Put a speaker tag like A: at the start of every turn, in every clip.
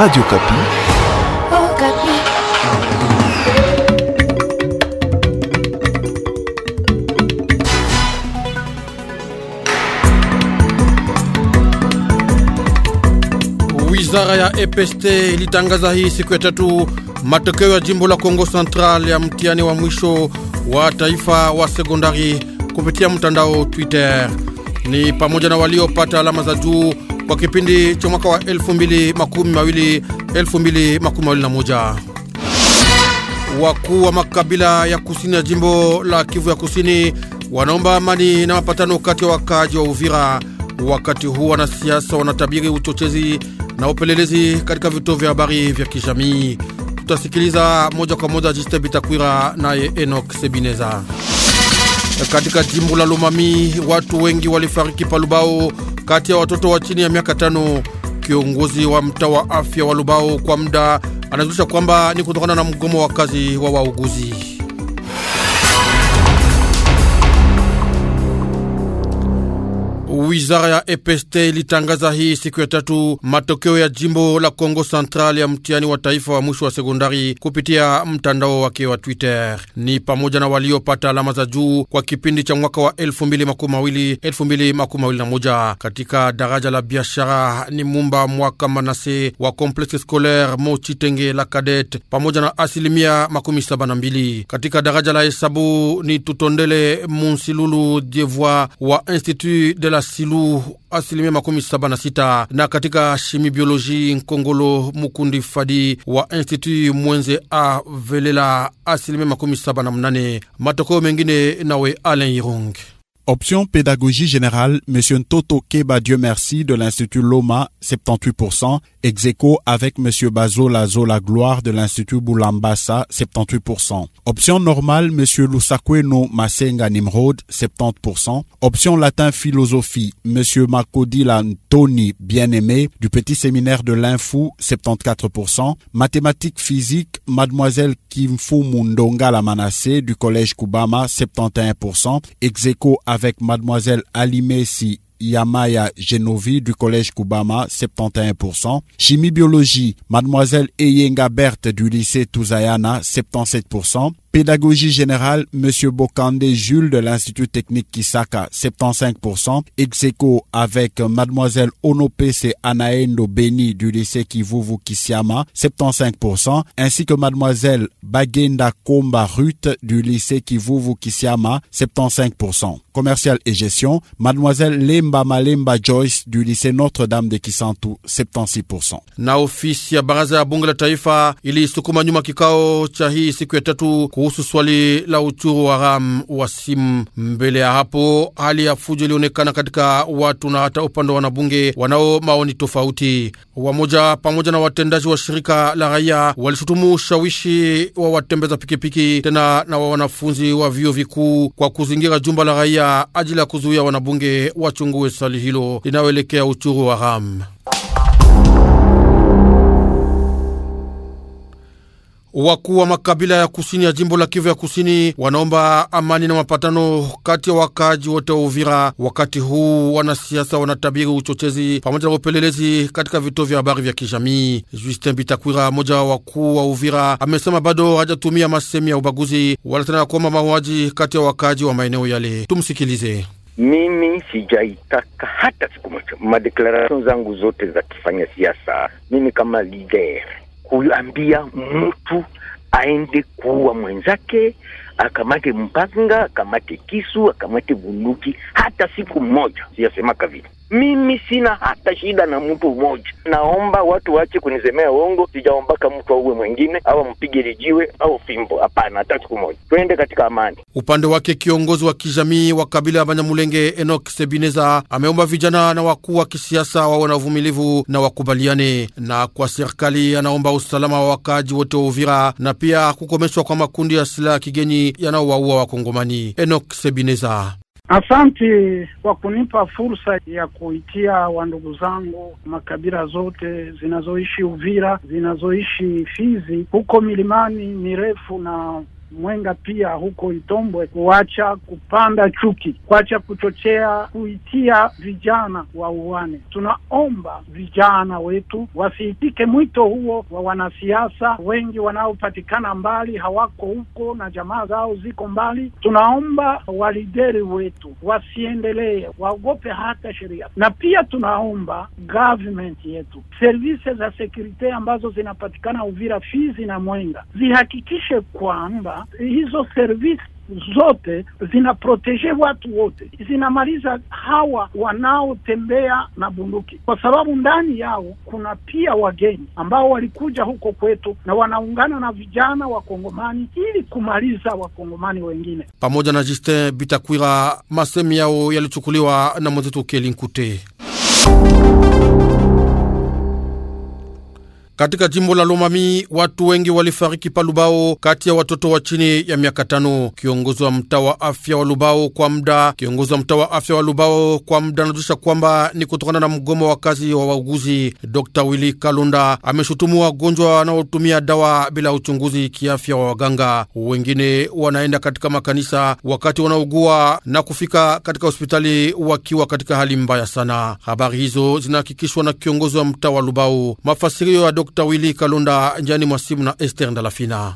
A: Radio Kapi.
B: Oh, Kapi.
C: Wizara ya EPST ilitangaza hii siku ya tatu matokeo ya jimbo la Kongo Central ya mtihani wa mwisho wa taifa wa sekondari kupitia mtandao Twitter. Ni pamoja na waliopata alama za juu kwa kipindi cha mwaka wa 2020 2021. Wakuu wa makabila ya kusini ya jimbo la Kivu ya kusini wanaomba amani na mapatano kati ya wakaaji wa Uvira. Wakati huu wanasiasa wanatabiri uchochezi na upelelezi katika vituo vya habari vya kijamii. Tutasikiliza moja kwa moja Jiste Bitakwira naye Enok Sebineza. Katika jimbo la Lomami watu wengi walifariki palubao kati ya watoto wa chini ya miaka tano. Kiongozi wa mtaa wa afya wa Lubao kwa muda anajulisha kwamba ni kutokana na mgomo wa kazi wa wauguzi. Wizara ya EPST ilitangaza hii siku ya tatu matokeo ya jimbo la Kongo Central ya mtihani wa taifa wa mwisho wa sekondari kupitia mtandao wake wa Twitter. Ni pamoja na waliopata alama za juu kwa kipindi cha mwaka wa 2020 2021 katika daraja la biashara ni Mumba Mwaka Manase wa Complexe Scolaire Mochitenge la Cadet pamoja na asilimia 72. Katika daraja la hesabu ni Tutondele Munsilulu Dievoi wa Institut de la Silu asilimia makumi saba na sita na katika shimi bioloji Nkongolo Mukundi Fadi wa Institut Mwenze a Velela asilimia makumi saba na mnane matokeo mengine nawe Alain Irung
D: Option pédagogie générale, Monsieur Toto Keba Dieu merci de l'Institut Loma, 78%, Execo avec M. Bazo Lazo La Gloire de l'Institut Boulambassa, 78%. Option normale, M. Lusakweno Masenga Nimrod, 70%. Option latin philosophie, M. Makodila Tony Bien-Aimé du Petit Séminaire de l'Infou, 74%. Mathématiques physiques, Mademoiselle Kimfu Mundonga Lamanase du Collège Kubama, 71%. ex avec mademoiselle Alimesi Yamaya Genovi du collège Kubama, 71%. Chimie biologie, mademoiselle Eyenga Berthe du lycée Touzayana, 77%. Pédagogie générale, Monsieur Bokande Jules de l'Institut technique Kisaka, 75%. Execo avec Mademoiselle Onopese Anaendo Beni du lycée Kivuvu Kisiama, 75%. Ainsi que Mademoiselle Bagenda Komba Ruth du lycée Kivuvu Kisiama, 75%. Commercial et gestion, Mademoiselle Lemba Malemba Joyce du lycée Notre-Dame de Kisantu, 76%.
C: kuhusu swali la uchuru wa ram wa simu. Mbele ya hapo, hali ya fujo ilionekana katika watu na hata upande wa wanabunge wanao maoni tofauti. Wamoja pamoja na watendaji wa shirika la raia walishutumu ushawishi wa watembeza pikipiki tena na wa wanafunzi wa vyuo vikuu kwa kuzingira jumba la raia ajili ya kuzuia wanabunge wachungue swali hilo linaloelekea uchuru wa ram Wakuu wa makabila ya kusini ya jimbo la Kivu ya kusini wanaomba amani na mapatano kati ya wakaaji wote wa Uvira. Wakati huu wanasiasa wanatabiri uchochezi pamoja na upelelezi katika vituo vya habari vya kijamii. Justin Bitakwira, mmoja wa wakuu wa Uvira, amesema bado hajatumia masemi ya ubaguzi wala tena ya kuomba mauaji kati ya wakaaji wa maeneo yale. Tumsikilize.
E: Mimi sijaitaka hata siku moja zangu zote za kifanya siasa, mimi kama lider kuambia mtu aende kuua mwenzake akamate mpanga, akamate kisu, akamate bunduki, hata siku moja siyasemaka vile. Mimi sina hata shida na mtu mmoja. Naomba watu wache kunisemea uongo. Sijaombaka mtu auwe mwengine au ampige lijiwe au fimbo, hapana, hata siku moja. Twende katika amani.
C: Upande wake kiongozi wa kijamii wa kabila ya Banyamulenge enok Sebineza ameomba vijana na wakuu wa kisiasa wawe na uvumilivu na wakubaliane, na kwa serikali anaomba usalama wa wakaaji wote wa Uvira na pia kukomeshwa kwa makundi ya silaha ya kigeni yanaowaua Wakongomani? Enok Sebineza.
E: Asante kwa kunipa fursa ya kuitia wandugu zangu makabila zote zinazoishi Uvira, zinazoishi Fizi, huko milimani mirefu na Mwenga pia huko Itombwe, kuacha kupanda chuki, kuacha kuchochea, kuitia vijana wa uane Tunaomba vijana wetu wasiitike mwito huo wa wanasiasa wengi wanaopatikana mbali, hawako huko na jamaa zao ziko mbali. Tunaomba walideri wetu wasiendelee, waogope hata sheria, na pia tunaomba government yetu, servise za sekurite ambazo zinapatikana Uvira, Fizi na Mwenga zihakikishe kwamba hizo servisi zote zinaproteje watu wote, zinamaliza hawa wanaotembea na bunduki, kwa sababu ndani yao kuna pia wageni ambao walikuja huko kwetu na wanaungana na vijana wakongomani ili kumaliza wakongomani wengine.
C: Pamoja na Justin Bitakwira, masemi yao yalichukuliwa na mwenzetu Keli Nkute. Katika jimbo la Lomami watu wengi walifariki pa Lubao, kati ya watoto wa chini ya miaka tano. Kiongozi wa mtaa wa afya wa Lubao kwa muda kiongozi wa mtaa wa afya wa Lubao kwa muda anajulisha kwamba ni kutokana na mgomo wa kazi wa wauguzi. Dr Willy Kalunda ameshutumu wagonjwa wanaotumia dawa bila uchunguzi kiafya wa waganga. Wengine wanaenda katika makanisa wakati wanaugua na kufika katika hospitali wakiwa katika hali mbaya sana. Habari hizo zinahakikishwa na kiongozi wa mtaa wa Lubao. Mafasirio ya kutawilika Lunda, njani mwasimu na Ester Ndalafina.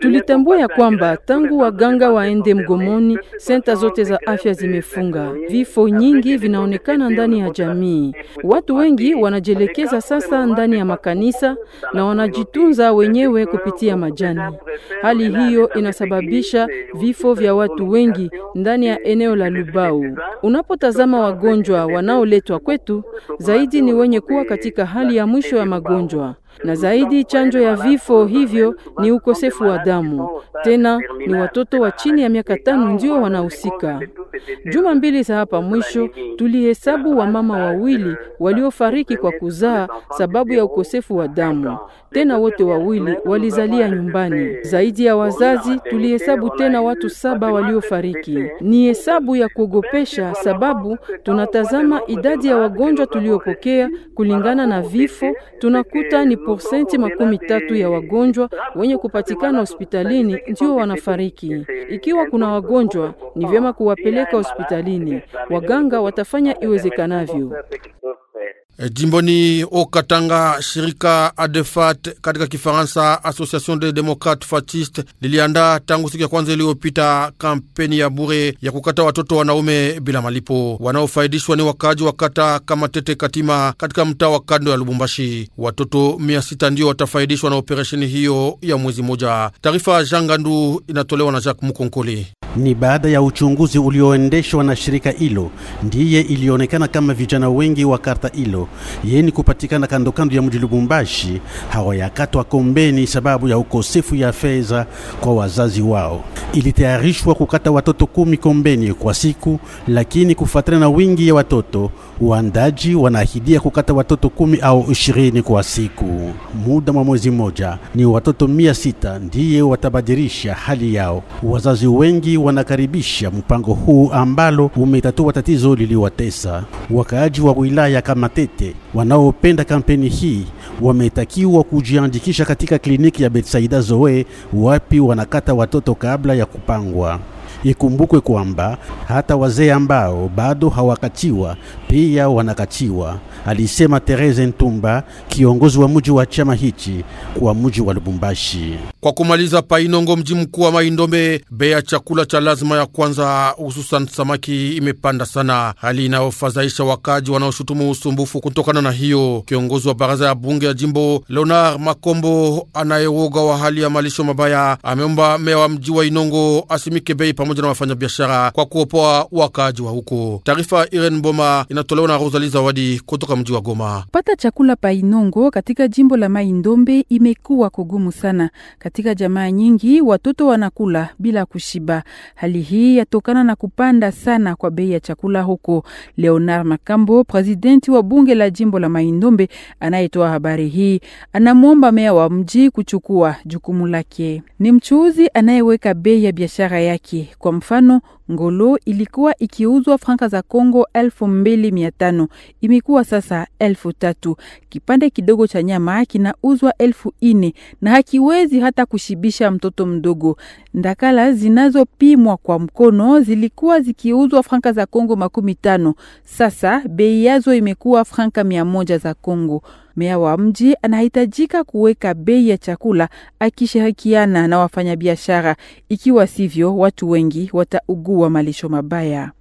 B: Tulitambua ya kwamba tangu waganga waende mgomoni, senta zote za afya zimefunga. Vifo nyingi vinaonekana ndani ya jamii. Watu wengi wanajielekeza sasa ndani ya makanisa na wanajitunza wenyewe kupitia majani. Hali hiyo inasababisha vifo vya watu wengi ndani ya eneo la Lubau. Unapotazama wagonjwa wanaoletwa kwetu, zaidi ni wenye kuwa katika hali ya mwisho ya magonjwa na zaidi chanjo ya vifo hivyo ni ukosefu wa damu. Tena ni watoto wa chini ya miaka tano ndio wanahusika. Juma mbili za hapa mwisho tulihesabu wamama wawili waliofariki kwa kuzaa sababu ya ukosefu wa damu, tena wote wawili walizalia nyumbani. Zaidi ya wazazi tulihesabu tena watu saba waliofariki. Ni hesabu ya kuogopesha, sababu tunatazama idadi ya wagonjwa tuliopokea kulingana na vifo tunakuta ni Porsenti makumi tatu ya wagonjwa wenye kupatikana hospitalini ndio wanafariki. Ikiwa kuna wagonjwa, ni vyema kuwapeleka hospitalini. Waganga watafanya iwezekanavyo.
C: Eh, jimboni Okatanga, shirika ADEFAT katika Kifaransa, Association des Democrates Fascistes, liliandaa tangu siku ya kwanza iliyopita kampeni ya bure ya kukata watoto wanaume bila malipo. Wanaofaidishwa ni wakaaji wa kata kama Tete Katima katika mtaa wa kando ya Lubumbashi. Watoto mia sita ndiyo watafaidishwa na operesheni hiyo ya mwezi moja. Taarifa ya Jangandu inatolewa na Jacques Mukonkoli.
A: Ni baada ya uchunguzi ulioendeshwa na shirika hilo ndiye ilionekana kama vijana wengi wa karta hilo yeni kupatikana kando kando ya mji Lubumbashi hawayakatwa kombeni sababu ya ukosefu ya fedha kwa wazazi wao. Ilitayarishwa kukata watoto kumi kombeni kwa siku, lakini kufuatana na wingi ya watoto, waandaji wanaahidia kukata watoto kumi au ishirini kwa siku. Muda wa mwezi mmoja, ni watoto mia sita ndiye watabadilisha hali yao. Wazazi wengi wanakaribisha mpango huu ambalo umetatua tatizo liliwatesa wakaaji wa wilaya Tete. Wanaopenda kampeni hii wametakiwa kujiandikisha katika kliniki ya Betsaida Zoe wapi wanakata watoto kabla ya kupangwa. Ikumbukwe kwamba hata wazee ambao bado hawakachiwa pia wanakachiwa, alisema Therese Ntumba, kiongozi wa mji wa chama hichi kwa mji wa Lubumbashi.
C: Kwa kumaliza, Painongo, mji mkuu wa Maindombe, bei ya chakula cha lazima ya kwanza, hususan samaki, imepanda sana, hali inayofadhaisha wakaji wanaoshutumu usumbufu kutokana na hiyo. Kiongozi wa baraza ya bunge ya jimbo Leonard Makombo, anayewoga wa hali ya malisho mabaya, ameomba meya wa mji wa Inongo asimike bei pamoja pamoja na wafanyabiashara kwa kuopoa wakaaji wa huko. Taarifa Irene Boma inatolewa na Rosali Zawadi kutoka mji wa Goma.
F: Pata chakula pa Inongo katika jimbo la Mai Ndombe imekuwa kugumu sana. Katika jamaa nyingi watoto wanakula bila kushiba. Hali hii yatokana na kupanda sana kwa bei ya chakula huko. Leonard Makambo, presidenti wa bunge la jimbo la Mai Ndombe, anayetoa habari hii, anamwomba meya wa mji kuchukua jukumu lake. Ni mchuuzi anayeweka bei ya biashara yake kwa mfano, Ngolo ilikuwa ikiuzwa franka za Kongo elfu mbili mia tano imekuwa sasa elfu tatu Kipande kidogo cha nyama kinauzwa elfu ine na hakiwezi hata kushibisha mtoto mdogo. Ndakala zinazopimwa kwa mkono zilikuwa zikiuzwa franka za Kongo makumi tano sasa bei yazo imekuwa franka mia moja za Kongo. Meya wa mji anahitajika kuweka bei ya chakula akishirikiana na wafanyabiashara, ikiwa sivyo watu wengi wataugua mkuu wa malisho mabaya.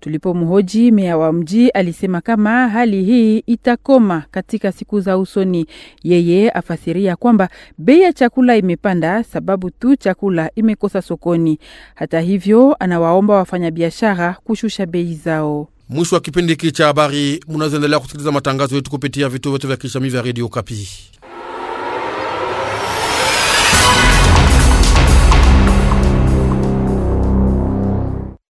F: Tulipomhoji meya wa mji alisema kama hali hii itakoma katika siku za usoni. Yeye afasiria kwamba bei ya chakula imepanda sababu tu chakula imekosa sokoni. Hata hivyo, anawaomba wafanyabiashara kushusha bei zao.
C: Mwisho wa kipindi hiki cha habari, munazoendelea kusikiliza matangazo yetu kupitia vituo vyote vya kijamii vya redio Kapi.